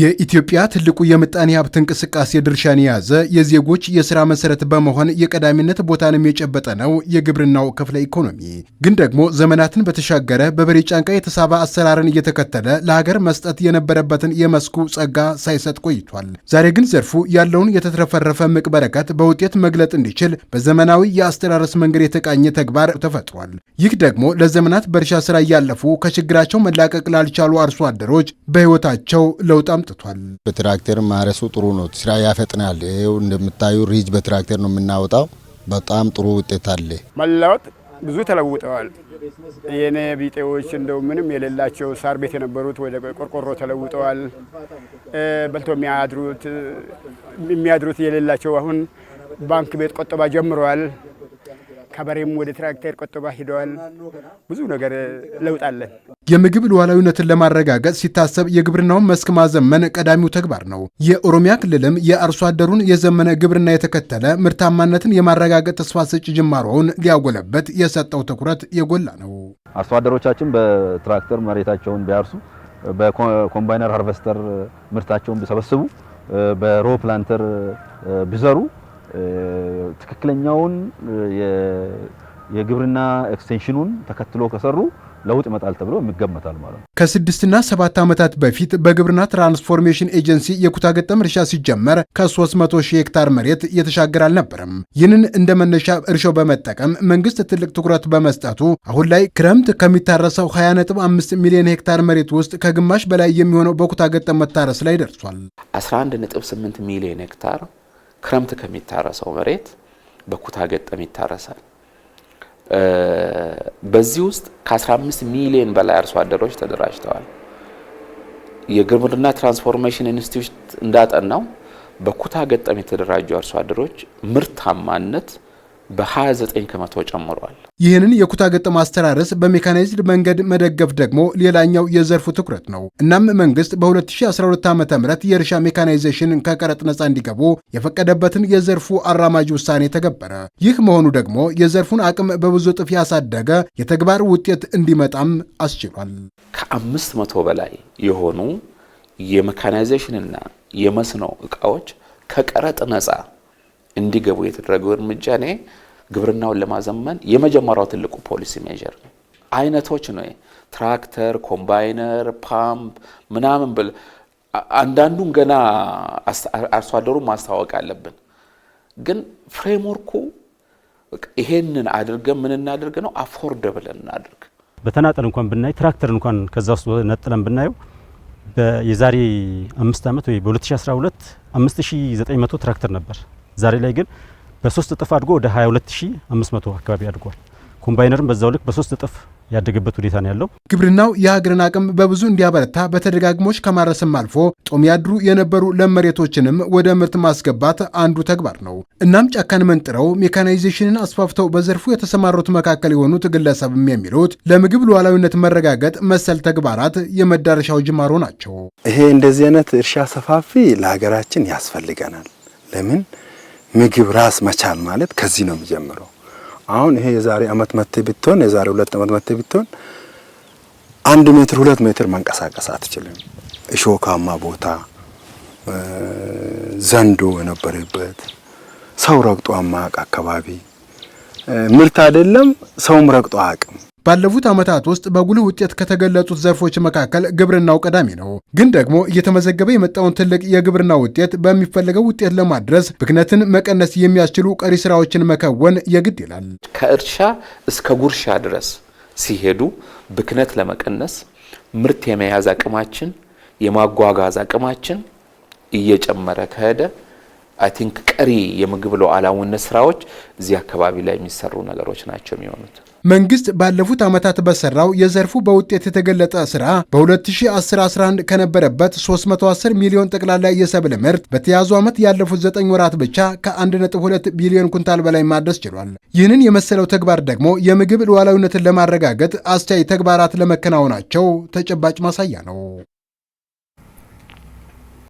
የኢትዮጵያ ትልቁ የምጣኔ ሀብት እንቅስቃሴ ድርሻን የያዘ የዜጎች የስራ መሰረት በመሆን የቀዳሚነት ቦታንም የጨበጠ ነው የግብርናው ክፍለ ኢኮኖሚ። ግን ደግሞ ዘመናትን በተሻገረ በበሬ ጫንቃ የተሳበ አሰራርን እየተከተለ ለሀገር መስጠት የነበረበትን የመስኩ ጸጋ ሳይሰጥ ቆይቷል። ዛሬ ግን ዘርፉ ያለውን የተትረፈረፈ ምቅ በረከት በውጤት መግለጥ እንዲችል በዘመናዊ የአስተራረስ መንገድ የተቃኘ ተግባር ተፈጥሯል። ይህ ደግሞ ለዘመናት በእርሻ ስራ እያለፉ ከችግራቸው መላቀቅ ላልቻሉ አርሶ አደሮች በህይወታቸው ለውጣ አምጥቷል። በትራክተር ማረሱ ጥሩ ነው፣ ስራ ያፈጥናል። ይኸው እንደምታዩ ሪጅ በትራክተር ነው የምናወጣው። በጣም ጥሩ ውጤት አለ። መለወጥ ብዙ ተለውጠዋል። የኔ ቢጤዎች እንደው ምንም የሌላቸው ሳር ቤት የነበሩት ወደ ቆርቆሮ ተለውጠዋል። በልቶ የሚያድሩት የሚያድሩት የሌላቸው አሁን ባንክ ቤት ቆጠባ ጀምረዋል። ከበሬም ወደ ትራክተር ቆጠባ ሂደዋል። ብዙ ነገር ለውጣለን። የምግብ ሉዓላዊነትን ለማረጋገጥ ሲታሰብ የግብርናውን መስክ ማዘመን ቀዳሚው ተግባር ነው። የኦሮሚያ ክልልም የአርሶ አደሩን የዘመነ ግብርና የተከተለ ምርታማነትን የማረጋገጥ ተስፋ ሰጪ ጅማሮውን ሊያጎለበት የሰጠው ትኩረት የጎላ ነው። አርሶ አደሮቻችን በትራክተር መሬታቸውን ቢያርሱ፣ በኮምባይነር ሃርቨስተር ምርታቸውን ቢሰበስቡ፣ በሮ ፕላንተር ቢዘሩ ትክክለኛውን የግብርና ኤክስቴንሽኑን ተከትሎ ከሰሩ ለውጥ ይመጣል ተብሎ የሚገመታል ማለት ነው። ከስድስትና ሰባት ዓመታት በፊት በግብርና ትራንስፎርሜሽን ኤጀንሲ የኩታገጠም እርሻ ሲጀመር ከ300 ሺህ ሄክታር መሬት የተሻገረ አልነበረም። ይህንን እንደ መነሻ እርሻው በመጠቀም መንግስት ትልቅ ትኩረት በመስጠቱ አሁን ላይ ክረምት ከሚታረሰው 25 ሚሊዮን ሄክታር መሬት ውስጥ ከግማሽ በላይ የሚሆነው በኩታገጠም መታረስ ላይ ደርሷል። 11.8 ሚሊዮን ሄክታር ክረምት ከሚታረሰው መሬት በኩታ ገጠም ይታረሳል። በዚህ ውስጥ ከ15 ሚሊዮን በላይ አርሶ አደሮች ተደራጅተዋል። የግብርና ትራንስፎርሜሽን ኢንስቲትዩት እንዳጠናው በኩታ ገጠም የተደራጁ አርሶ አደሮች ምርታማነት በ29 ከመቶ ጨምሯል። ይህንን የኩታ ገጠም አስተራረስ በሜካናይዝድ መንገድ መደገፍ ደግሞ ሌላኛው የዘርፉ ትኩረት ነው። እናም መንግስት በ2012 ዓ ም የእርሻ ሜካናይዜሽን ከቀረጥ ነፃ እንዲገቡ የፈቀደበትን የዘርፉ አራማጅ ውሳኔ ተገበረ። ይህ መሆኑ ደግሞ የዘርፉን አቅም በብዙ እጥፍ ያሳደገ የተግባር ውጤት እንዲመጣም አስችሏል። ከአምስት መቶ በላይ የሆኑ የሜካናይዜሽንና የመስኖ እቃዎች ከቀረጥ ነፃ እንዲገቡ የተደረገው እርምጃ እኔ ግብርናውን ለማዘመን የመጀመሪያው ትልቁ ፖሊሲ ሜዥር ነው። አይነቶች ነው ትራክተር፣ ኮምባይነር፣ ፓምፕ ምናምን ብል አንዳንዱን ገና አርሶ አደሩ ማስታወቅ አለብን። ግን ፍሬምወርኩ ይሄንን አድርገን ምን እናድርግ ነው ብለን እናድርግ። በተናጠል እንኳን ብናይ ትራክተር እንኳን ከዛ ውስጥ ነጥለን ብናየው የዛሬ አምስት ዓመት ወይ በ2012 5900 ትራክተር ነበር። ዛሬ ላይ ግን በሶስት እጥፍ አድጎ ወደ 22500 አካባቢ አድጓል። ኮምባይነርም በዛው ልክ በሶስት እጥፍ ያደገበት ሁኔታ ነው ያለው። ግብርናው የሀገርን አቅም በብዙ እንዲያበረታ በተደጋግሞች ከማረስም አልፎ ጦም ያድሩ የነበሩ ለም መሬቶችንም ወደ ምርት ማስገባት አንዱ ተግባር ነው። እናም ጫካን መንጥረው ሜካናይዜሽንን አስፋፍተው በዘርፉ የተሰማሩት መካከል የሆኑት ግለሰብም የሚሉት ለምግብ ሉዓላዊነት መረጋገጥ መሰል ተግባራት የመዳረሻው ጅማሮ ናቸው። ይሄ እንደዚህ አይነት እርሻ ሰፋፊ ለሀገራችን ያስፈልገናል። ለምን ምግብ ራስ መቻል ማለት ከዚህ ነው የሚጀምረው። አሁን ይሄ የዛሬ አመት መቴ ብትሆን የዛሬ ሁለት አመት መቴ ብትሆን አንድ ሜትር ሁለት ሜትር መንቀሳቀስ አትችልም። እሾካማ ቦታ፣ ዘንዶ የነበረበት ሰው ረግጦ አማቅ አካባቢ ምርት አይደለም ሰውም ረግጦ አቅም ባለፉት ዓመታት ውስጥ በጉልህ ውጤት ከተገለጹት ዘርፎች መካከል ግብርናው ቀዳሚ ነው። ግን ደግሞ እየተመዘገበ የመጣውን ትልቅ የግብርና ውጤት በሚፈለገው ውጤት ለማድረስ ብክነትን መቀነስ የሚያስችሉ ቀሪ ስራዎችን መከወን የግድ ይላል። ከእርሻ እስከ ጉርሻ ድረስ ሲሄዱ ብክነት ለመቀነስ ምርት የመያዝ አቅማችን፣ የማጓጓዝ አቅማችን እየጨመረ ከሄደ አይ ቲንክ ቀሪ የምግብ ሉዓላዊነት ስራዎች እዚህ አካባቢ ላይ የሚሰሩ ነገሮች ናቸው የሚሆኑት። መንግስት ባለፉት ዓመታት በሰራው የዘርፉ በውጤት የተገለጠ ስራ በ 2011 ከነበረበት 310 ሚሊዮን ጠቅላላ የሰብል ምርት በተያዙ ዓመት ያለፉት 9 ወራት ብቻ ከ1.2 ቢሊዮን ኩንታል በላይ ማድረስ ችሏል። ይህንን የመሰለው ተግባር ደግሞ የምግብ ሉዓላዊነትን ለማረጋገጥ አስቻይ ተግባራት ለመከናወናቸው ተጨባጭ ማሳያ ነው።